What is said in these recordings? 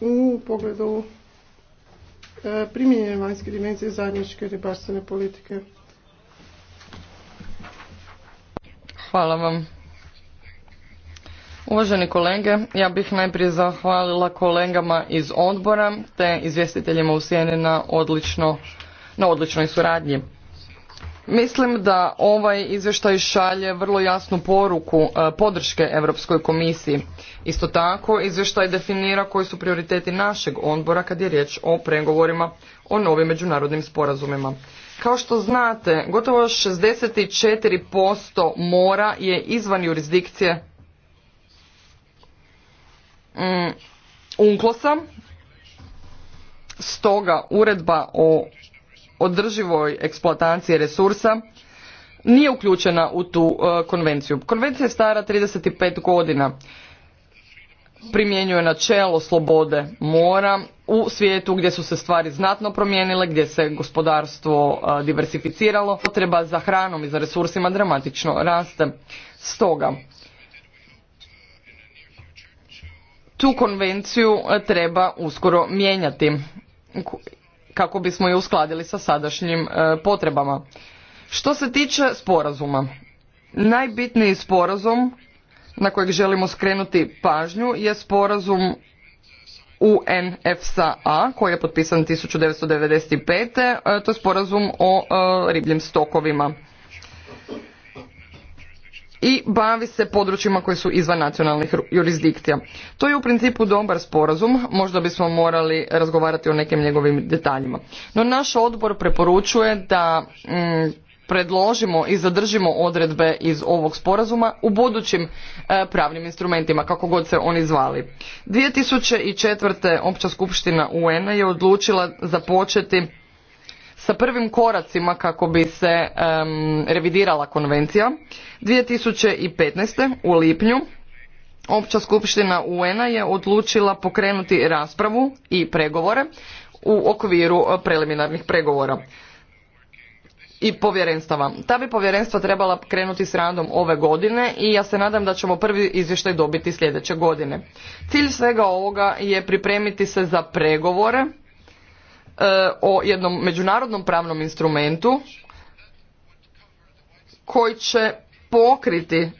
u pogledu e, primjenjene vanjske dimenzije zajedničke ribarstvene politike. Hvala vam. Uvaženi kolege, ja bih najprije zahvalila kolegama iz odbora te izvjestiteljima u sjeni na, odlično, na odličnoj suradnji. Mislim da ovaj izvještaj šalje vrlo jasnu poruku e, podrške Europskoj komisiji. Isto tako, izvještaj definira koji su prioriteti našeg odbora kad je riječ o pregovorima o novim međunarodnim sporazumima. Kao što znate, gotovo 64% mora je izvan jurisdikcije mm, unklosa Stoga uredba o održivoj eksploataciji resursa nije uključena u tu e, konvenciju. Konvencija je stara 35 godina. Primjenjuje načelo slobode mora u svijetu gdje su se stvari znatno promijenile, gdje se gospodarstvo e, diversificiralo, potreba za hranom i za resursima dramatično raste. Stoga, tu konvenciju e, treba uskoro mijenjati kako bismo je uskladili sa sadašnjim e, potrebama. Što se tiče sporazuma, najbitniji sporazum na kojeg želimo skrenuti pažnju je sporazum UNFSA koji je potpisan 1995. E, to je sporazum o e, ribljim stokovima i bavi se područjima koji su izvan nacionalnih jurisdikcija. To je u principu dobar sporazum, možda bismo morali razgovarati o nekim njegovim detaljima. No naš odbor preporučuje da mm, predložimo i zadržimo odredbe iz ovog sporazuma u budućim e, pravnim instrumentima, kako god se oni zvali. 2004. opća skupština UN-a je odlučila započeti sa prvim koracima kako bi se revidirala konvencija. 2015. u lipnju Opća skupština UN-a je odlučila pokrenuti raspravu i pregovore u okviru e, preliminarnih pregovora i povjerenstava. Ta bi povjerenstva trebala krenuti s radom ove godine i ja se nadam da ćemo prvi izvještaj dobiti sljedeće godine. Cilj svega ovoga je pripremiti se za pregovore E, o jednom međunarodnom pravnom instrumentu koji će pokriti e,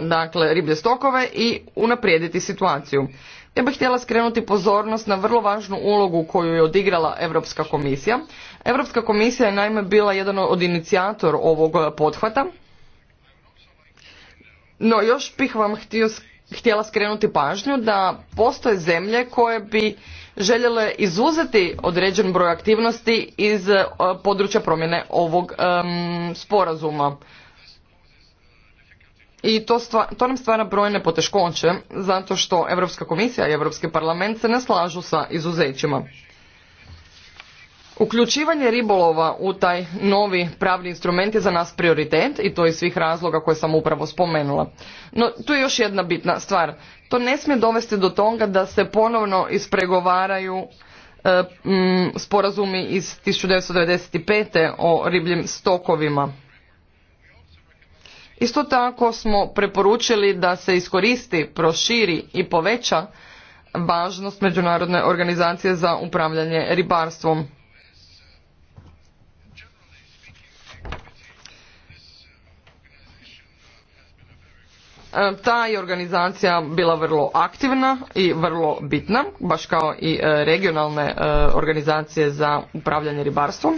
dakle riblje stokove i unaprijediti situaciju. Ja bih htjela skrenuti pozornost na vrlo važnu ulogu koju je odigrala Europska komisija. Europska komisija je naime bila jedan od inicijator ovog e, pothvata. No još bih vam htio, htjela skrenuti pažnju da postoje zemlje koje bi željele izuzeti određen broj aktivnosti iz e, područja promjene ovog sporazuma. I to, stva, to nam stvara brojne poteškoće zato što Europska komisija i Europski parlament se ne slažu sa izuzećima. Uključivanje ribolova u taj novi pravni instrument je za nas prioritet i to iz svih razloga koje sam upravo spomenula. No, tu je još jedna bitna stvar. To ne smije dovesti do toga da se ponovno ispregovaraju e, m, sporazumi iz 1995. o ribljim stokovima. Isto tako smo preporučili da se iskoristi, proširi i poveća važnost Međunarodne organizacije za upravljanje ribarstvom E, ta je organizacija bila vrlo aktivna i vrlo bitna, baš kao i e, regionalne e, organizacije za upravljanje ribarstvom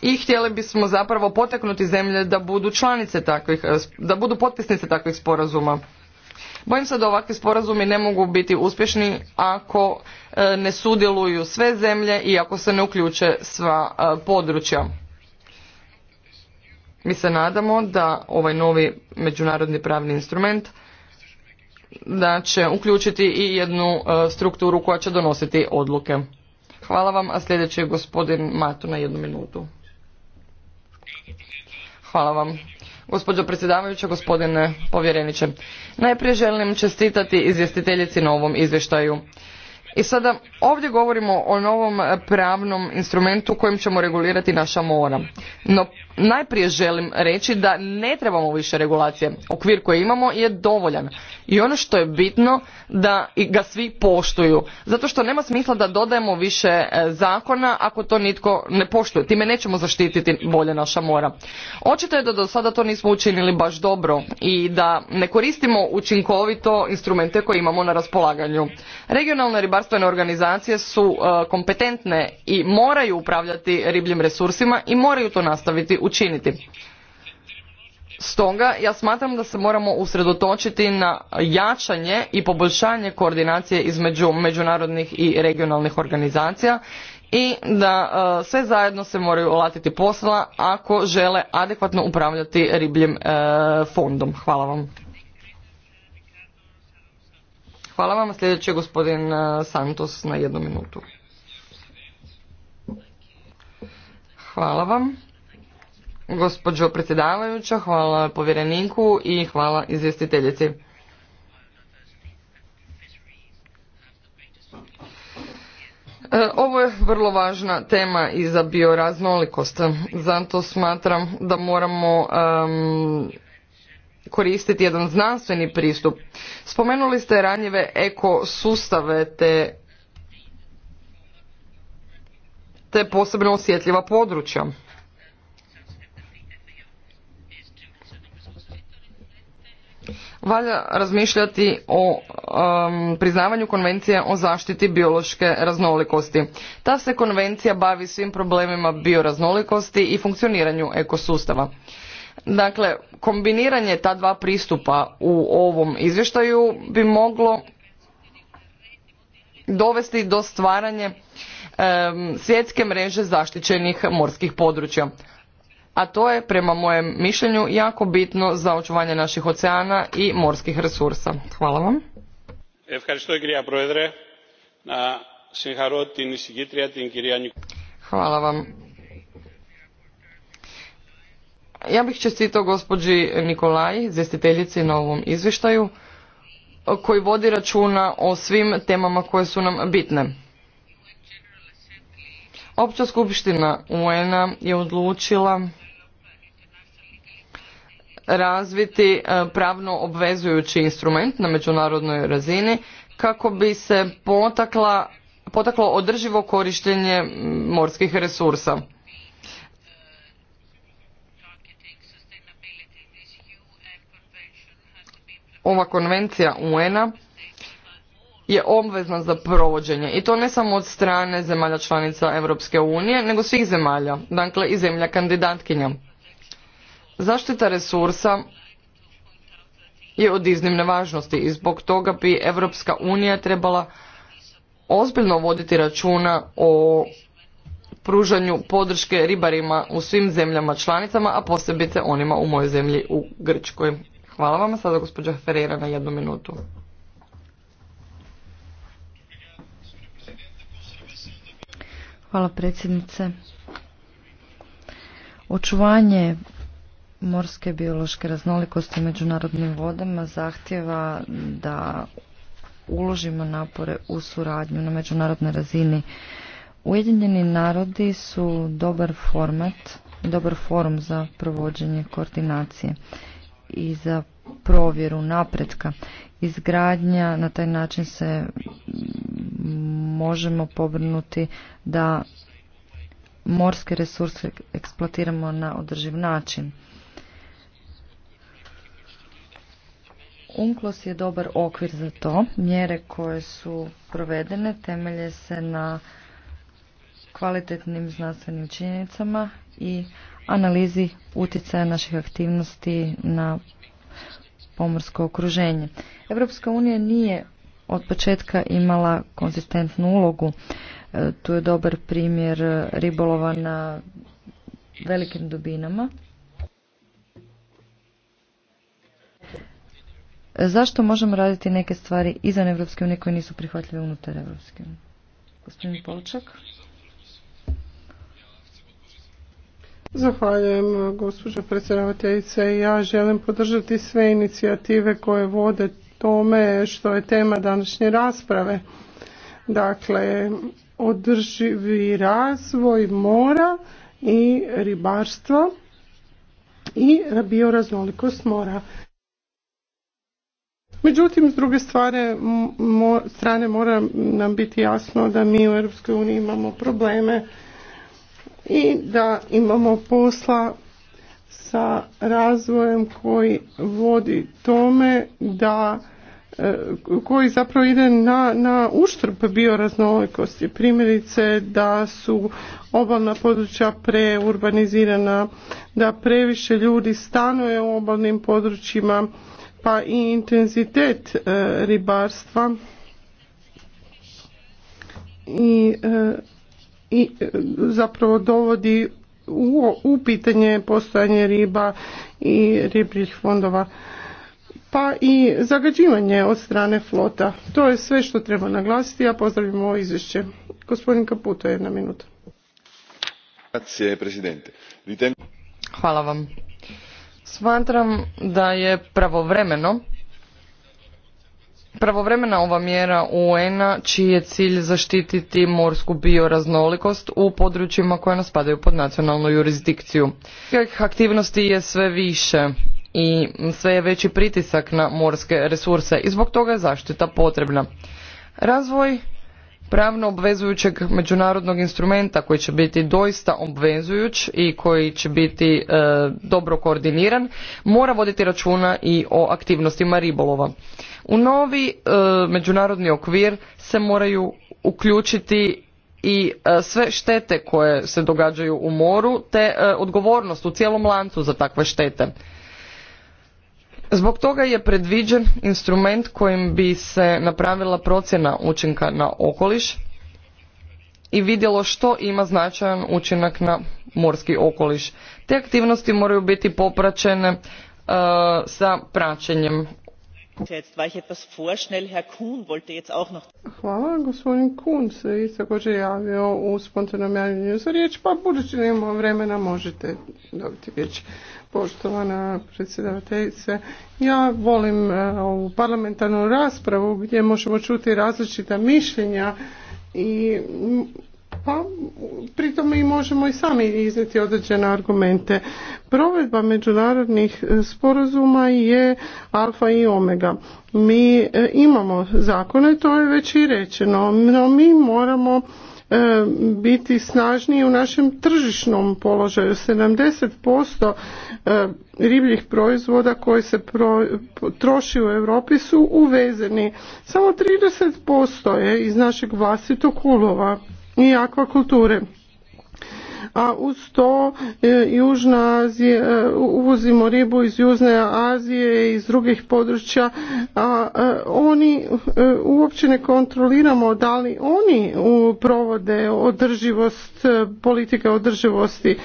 i htjeli bismo zapravo poteknuti zemlje da budu članice takvih, da budu potpisnice takvih sporazuma. Bojim se da ovakvi sporazumi ne mogu biti uspješni ako ne sudjeluju sve zemlje i ako se ne uključe sva područja. Mi se nadamo da ovaj novi međunarodni pravni instrument da će uključiti i jednu e, strukturu koja će donositi odluke. Hvala vam, a sljedeći je gospodin Matu na jednu minutu. Hvala vam. Gospodin predsjedavajuća, gospodine povjereniče. Najprije želim čestitati izvjestiteljici na ovom izvještaju. I sada ovdje govorimo o novom pravnom instrumentu kojim ćemo regulirati naša mora. No najprije želim reći da ne trebamo više regulacije. Okvir koji imamo je dovoljan. I ono što je bitno da ga svi poštuju. Zato što nema smisla da dodajemo više e, zakona ako to nitko ne poštuje. Time nećemo zaštititi bolje naša mora. Očito je da do sada to nismo učinili baš dobro i da ne koristimo učinkovito instrumente koje imamo na raspolaganju. Regionalne ribarstvene organizacije su e, kompetentne i moraju upravljati ribljim resursima i moraju to nastaviti učiniti. Stoga ja smatram da se moramo usredotočiti na jačanje i poboljšanje koordinacije između međunarodnih i regionalnih organizacija i da e, sve zajedno se moraju olatiti posla ako žele adekvatno upravljati ribljim e, fondom. Hvala vam. Hvala vam. Sljedeći je gospodin e, Santos na jednu minutu. Hvala vam. Gospođo predsjedavajuća, hvala povjereniku i hvala izvjestiteljici. E, ovo je vrlo važna tema i za bioraznolikost. Zato smatram da moramo koristiti jedan znanstveni pristup. Spomenuli ste ranjive ekosustave te, te posebno osjetljiva područja. valja razmišljati o priznavanju konvencije o zaštiti biološke raznolikosti. Ta se konvencija bavi svim problemima bioraznolikosti i funkcioniranju ekosustava. Dakle, kombiniranje ta dva pristupa u ovom izvještaju bi moglo dovesti do stvaranje svjetske mreže zaštićenih morskih područja a to je prema mojem mišljenju jako bitno za očuvanje naših oceana i morskih resursa. Hvala vam. Hvala vam. Ja bih čestitao gospođi Nikolaj, izvjestiteljici na ovom izvještaju, koji vodi računa o svim temama koje su nam bitne. Opća skupština UN-a je odlučila razviti e, pravno obvezujući instrument na međunarodnoj razini kako bi se potakla, potaklo održivo korištenje morskih resursa. Ova konvencija un je obvezna za provođenje i to ne samo od strane zemalja članica Europske unije, nego svih zemalja, dakle i zemlja kandidatkinja. Zaštita resursa je od iznimne važnosti i zbog toga bi Europska unija trebala ozbiljno voditi računa o pružanju podrške ribarima u svim zemljama članicama, a posebice onima u mojoj zemlji u Grčkoj. Hvala vam. Sada gospođa Ferreira na jednu minutu. Hvala predsjednice. Očuvanje morske biološke raznolikosti u međunarodnim vodama zahtjeva da uložimo napore u suradnju na međunarodnoj razini. Ujedinjeni narodi su dobar format, dobar forum za provođenje koordinacije i za provjeru napretka. Izgradnja na taj način se možemo pobrnuti da morske resurse eksploatiramo na održiv način. UNCLOS je dobar okvir za to. Mjere koje su provedene temelje se na kvalitetnim znanstvenim činjenicama i analizi utjecaja naših aktivnosti na pomorsko okruženje. Europska unija nije od početka imala konzistentnu ulogu. E, tu je dobar primjer ribolova na velikim dubinama. zašto možemo raditi neke stvari izvan Evropske unije koje nisu prihvatljive unutar Evropske unije? Gospodin Polčak. Zahvaljujem gospođo predsjedavateljice. Ja želim podržati sve inicijative koje vode tome što je tema današnje rasprave. Dakle, održivi razvoj mora i ribarstva i bioraznolikost mora. Međutim, s druge stvari, strane mora nam biti jasno da mi u EU imamo probleme i da imamo posla sa razvojem koji vodi tome da e, koji zapravo ide na, na uštrb bioraznolikosti. Primjerice da su obalna područja preurbanizirana, da previše ljudi stanuje u obalnim područjima, pa i intenzitet e, ribarstva i, e, e, zapravo dovodi u, pitanje postojanje riba i ribljih fondova pa i zagađivanje od strane flota. To je sve što treba naglasiti, a pozdravljam ovo izvješće. Gospodin Kaputo, jedna minuta. Hvala vam. Smatram da je pravovremeno Pravovremena ova mjera UN-a čiji je cilj zaštititi morsku bioraznolikost u područjima koja nas spadaju pod nacionalnu jurisdikciju. Aktivnosti je sve više i sve je veći pritisak na morske resurse i zbog toga je zaštita potrebna. Razvoj pravno obvezujućeg međunarodnog instrumenta koji će biti doista obvezujuć i koji će biti e, dobro koordiniran mora voditi računa i o aktivnostima ribolova u novi e, međunarodni okvir se moraju uključiti i e, sve štete koje se događaju u moru te odgovornost u cijelom lancu za takve štete Zbog toga je predviđen instrument kojim bi se napravila procjena učinka na okoliš i vidjelo što ima značajan učinak na morski okoliš. Te aktivnosti moraju biti popraćene e, sa praćenjem Hvala. Gospodin Kun se i također javio u spontanom javljanju za riječ, pa budući da imamo vremena možete dobiti riječ. Poštovana predsjedavateljice, ja volim e, ovu parlamentarnu raspravu gdje možemo čuti različita mišljenja i pa pritom i možemo i sami iznijeti određene argumente. Provedba međunarodnih e, sporazuma je alfa i omega. Mi e, imamo zakone, to je već i rečeno, no mi moramo e, biti snažniji u našem tržišnom položaju. 70% ribljih proizvoda koji se troši u Europi su uvezeni. Samo 30% je iz našeg vlastitog ulova i akvakulture a uz to e, Južna Azija, e, uvozimo ribu iz Južne Azije i iz drugih područja, a e, oni uopće ne kontroliramo da li oni provode održivost, politike održivosti.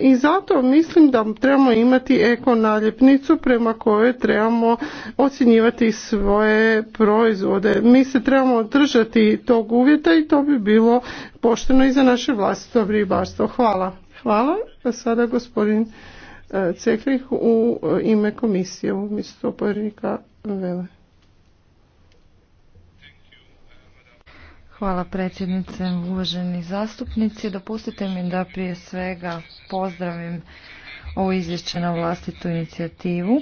I zato mislim da trebamo imati eko naljepnicu prema kojoj trebamo ocjenjivati svoje proizvode. Mi se trebamo držati tog uvjeta i to bi bilo pošteno i za naše vlastito ribarstvo. Hvala. Hvala. sada gospodin e, Ceklih u e, ime komisije umjesto povjerenika Vele. Hvala predsjednice, uvaženi zastupnici. Dopustite mi da prije svega pozdravim ovo izvješće na vlastitu inicijativu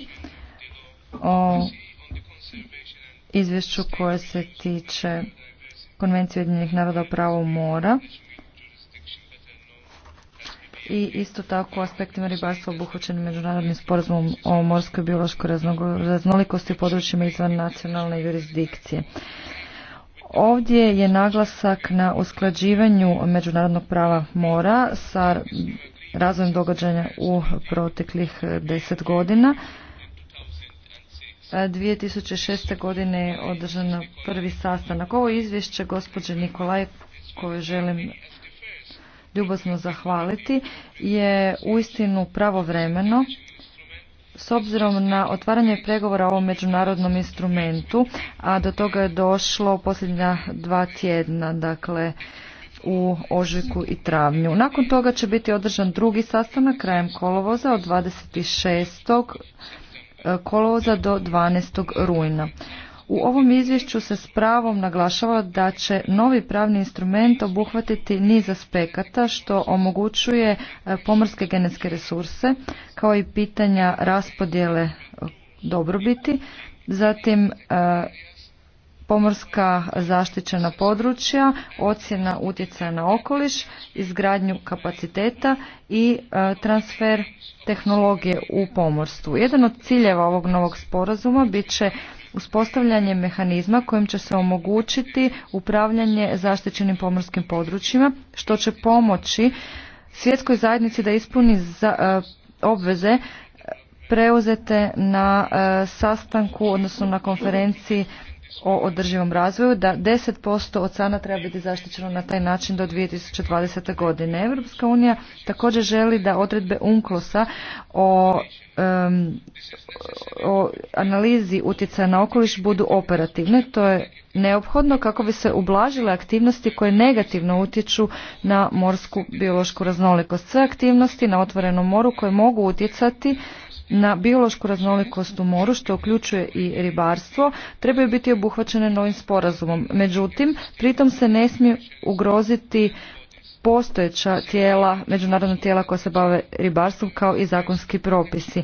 o izvješću koje se tiče Konvenciju Ujedinjenih naroda o pravu mora i isto tako aspektima ribarstva obuhvaćenim međunarodnim sporazumom o morskoj biološkoj raznolikosti u područjima izvan nacionalne jurisdikcije. Ovdje je naglasak na usklađivanju međunarodnog prava mora sa razvojem događanja u proteklih deset godina 2006. godine je održan prvi sastanak. Ovo izvješće gospođe Nikolaj koje želim ljubazno zahvaliti je uistinu pravovremeno s obzirom na otvaranje pregovora o ovom međunarodnom instrumentu, a do toga je došlo posljednja dva tjedna, dakle u ožujku i travnju. Nakon toga će biti održan drugi sastanak krajem kolovoza od 26 kolovoza do 12. rujna. U ovom izvješću se s pravom naglašava da će novi pravni instrument obuhvatiti niz aspekata što omogućuje e, pomorske genetske resurse kao i pitanja raspodjele e, dobrobiti, zatim e, pomorska zaštićena područja, ocjena utjecaja na okoliš, izgradnju kapaciteta i e, transfer tehnologije u pomorstvu. Jedan od ciljeva ovog novog sporazuma bit će uspostavljanje mehanizma kojim će se omogućiti upravljanje zaštićenim pomorskim područjima, što će pomoći svjetskoj zajednici da ispuni e, obveze e, preuzete na sastanku, odnosno na konferenciji o održivom razvoju da 10% oceana treba biti zaštićeno na taj način do 2020. godine. Europska unija također želi da odredbe UNCLOS-a o, o analizi utjecaja na okoliš budu operativne. To je neophodno kako bi se ublažile aktivnosti koje negativno utječu na morsku biološku raznolikost. Sve aktivnosti na otvorenom moru koje mogu utjecati na biološku raznolikost u moru, što uključuje i ribarstvo, trebaju biti obuhvaćene novim sporazumom. Međutim, pritom se ne smije ugroziti postojeća tijela, međunarodna tijela koja se bave ribarstvom kao i zakonski propisi.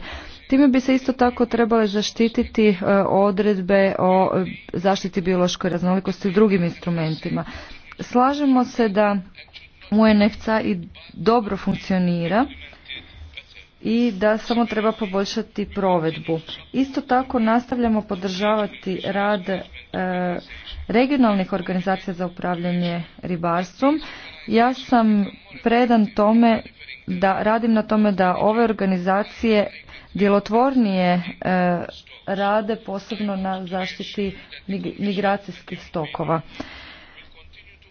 Time bi se isto tako trebale zaštititi e, odredbe o zaštiti biološkoj raznolikosti u drugim instrumentima. Slažemo se da UNFCA i dobro funkcionira, i da samo treba poboljšati provedbu. Isto tako nastavljamo podržavati rad e, regionalnih organizacija za upravljanje ribarstvom. Ja sam predan tome da radim na tome da ove organizacije djelotvornije e, rade posebno na zaštiti migracijskih stokova.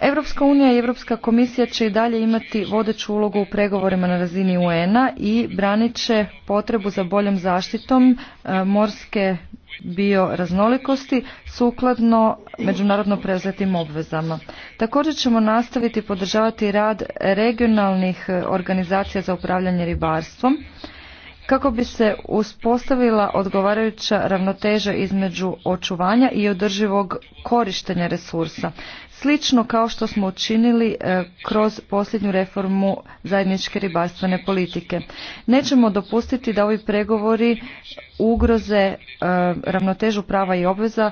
Europska unija i Europska komisija će i dalje imati vodeću ulogu u pregovorima na razini UN-a i branit će potrebu za boljom zaštitom e, morske bioraznolikosti sukladno međunarodno preuzetim obvezama. Također ćemo nastaviti podržavati rad regionalnih organizacija za upravljanje ribarstvom kako bi se uspostavila odgovarajuća ravnoteža između očuvanja i održivog korištenja resursa. Slično kao što smo učinili e, kroz posljednju reformu zajedničke ribarstvene politike. Nećemo dopustiti da ovi pregovori ugroze e, ravnotežu prava i obveza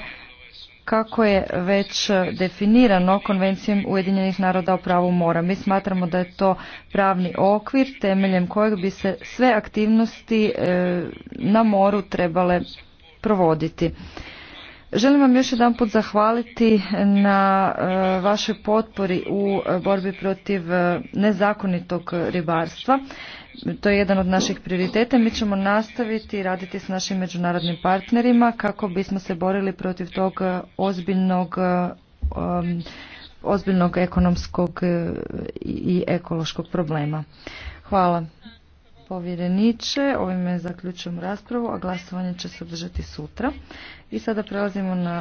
kako je već definirano Konvencijom Ujedinjenih naroda o pravu mora. Mi smatramo da je to pravni okvir temeljem kojeg bi se sve aktivnosti e, na moru trebale provoditi. Želim vam još jedan zahvaliti na e, vašoj potpori u borbi protiv e, nezakonitog ribarstva. To je jedan od naših prioriteta. Mi ćemo nastaviti raditi s našim međunarodnim partnerima kako bismo se borili protiv tog e, ozbiljnog ozbiljnog ekonomskog i ekološkog problema. Hvala povjereniče. Ovime zaključujem raspravu, a glasovanje će se održati sutra. I sada prelazimo na